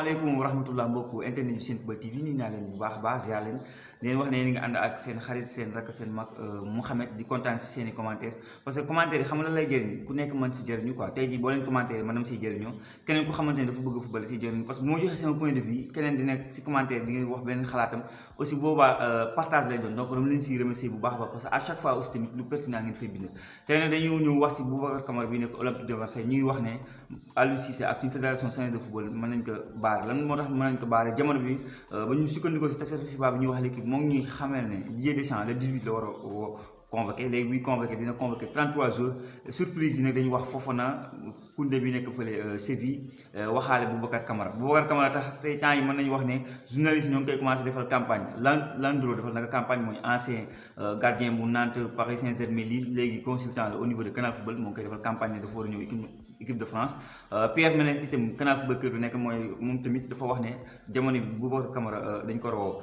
asalaamaaleykum wa rahmatulah mbokk internet bi Senfootball TV nii naa leen bu baax a baax ziar leen di leen wax ne nga ànd ak seen xarit seen rakk seen mag euh, Mouhamed di kontaan si seen commentaire parce que commentaire xam nga lay jëriñ ku nekk mën si jëriñu quoi tey jii euh, partage lay doon donc dama leen siy remercier bu baax a parce que à chaque fois aussi tamit lu pertinent ngeen fay bind tey nag dañu ñëw wax si Boubacar Kamara bi nekk Olympique de Marseille ñuy wax ne Aliou Cissé ak suñu fédération sénégalaise de football mën nañ ko baar lan moo tax mën nañ ko moo ngi ñuy xamal ne Didier le 18 le war a woo convoqué léegi muy convoqué dina convoqué 33 jours surprise yi nag dañu wax Fofana Koundé bi nekk fële euh, Séville euh, waxaale Boubacar Kamara Boubacar Kamara tax tey temps yi mën nañu wax ne journaliste ñoo ngi koy commencé defal campagne Landreau defal naka campagne mooy ancien euh, gardien bu Nantes Paris Saint-Germain les consultants consultant au niveau de Canal Football moo ngi koy defal campagne de dafa war équipe de France Pierre Menès itam Canal Football Club bi nekk mooy moom tamit dafa wax ne jamono bi Boubacar Kamara dañ ko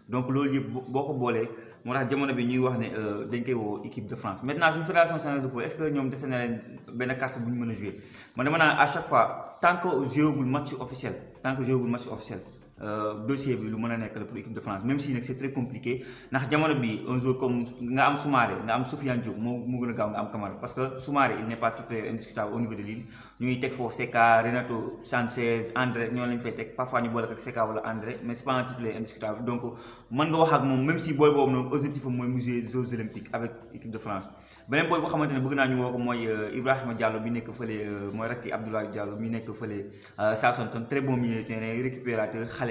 donc loolu yëpp boo ko boolee moo tax jamono bi ñuy wax ne euh, dañ koy woo équipe de France maintenant suñu fédération sénégalaise de football est-ce que nous dese na leen benn carte bu ñu jouer man dama à chaque fois tant que joue gul match officiel tant que joue gul match officiel. Euh, dossier bi lu mën a nekk la pour équipe de France même si nag c'est très compliqué ndax jamono bi un jour comme nga am Soumaré nga am Soufiane Diop moo moo gën a gaaw nga am Camara parce que Soumaré il n'est pas tout à fait indiscutable au niveau de Lille ñu ngi teg foofu Seka Renato Sanchez André ñoo lañ fay teg parfois ñu boole ak Seka wala André mais c'est pas un titulaire indiscutable donc mën nga wax ak moom même si booy boobu noonu objectif am mooy musée des Jeux olympiques avec équipe de France beneen booy boo xamante ne bëgg naa ñu woo ko mooy euh, Ibrahima Diallo bi nekk fële euh, mooy rakki Abdoulaye Diallo mi nekk fële Southampton très bon milieu terrain récupérateur xale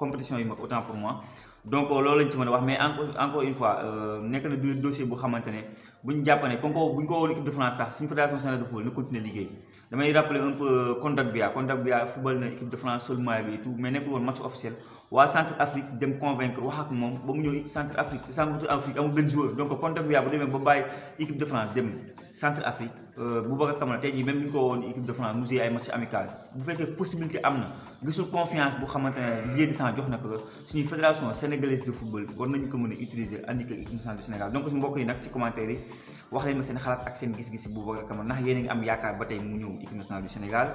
compétition yu mag autant pour moi donc euh, loolu lañ ci mën a wax mais encore encore une fois euh, nekk na du dossier bu xamante ne bu ñu jàpp ko bu ko équipe de France sax suñu fédération sénégalaise de football na continuer liggéey damay rappeler un peu contact euh, bi contact bi football na équipe de France seulement bi et tout mais nekkul woon match officiel waa centre Afrique dem convaincre wax ak moom ba mu ñëw centre Afrique te centre Afrique amul benn joueur donc contact bi ah bu demee ba bàyyi équipe de France dem centre Afrique Boubacar Kamara tey jii même bu ñu ko woon équipe de France mu ay match amical bu fekkee possibilité am na gisul confiance bu xamante ne Didier Deschamps jox na ko suñu fédération sénégalaise de football war nañu ko mën utiliser andi ko du Sénégal donc suñu mbokk yi nag ci commentaire yi wax leen ma seen xalaat ak seen gis-gis bu Boubacar Camara ndax yéen am yaakaar ba tey mu ñëw équipe du Sénégal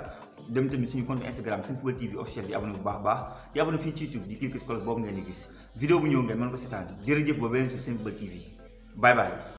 dem tamit suñu compte Instagram seen football TV officiel di abonné bu baax baax di abonné fii ci YouTube di cliquer ci boobu ngeen di gis vidéo bu ñëw ngeen mën ko seetaan jërëjëf ba beneen sur seen football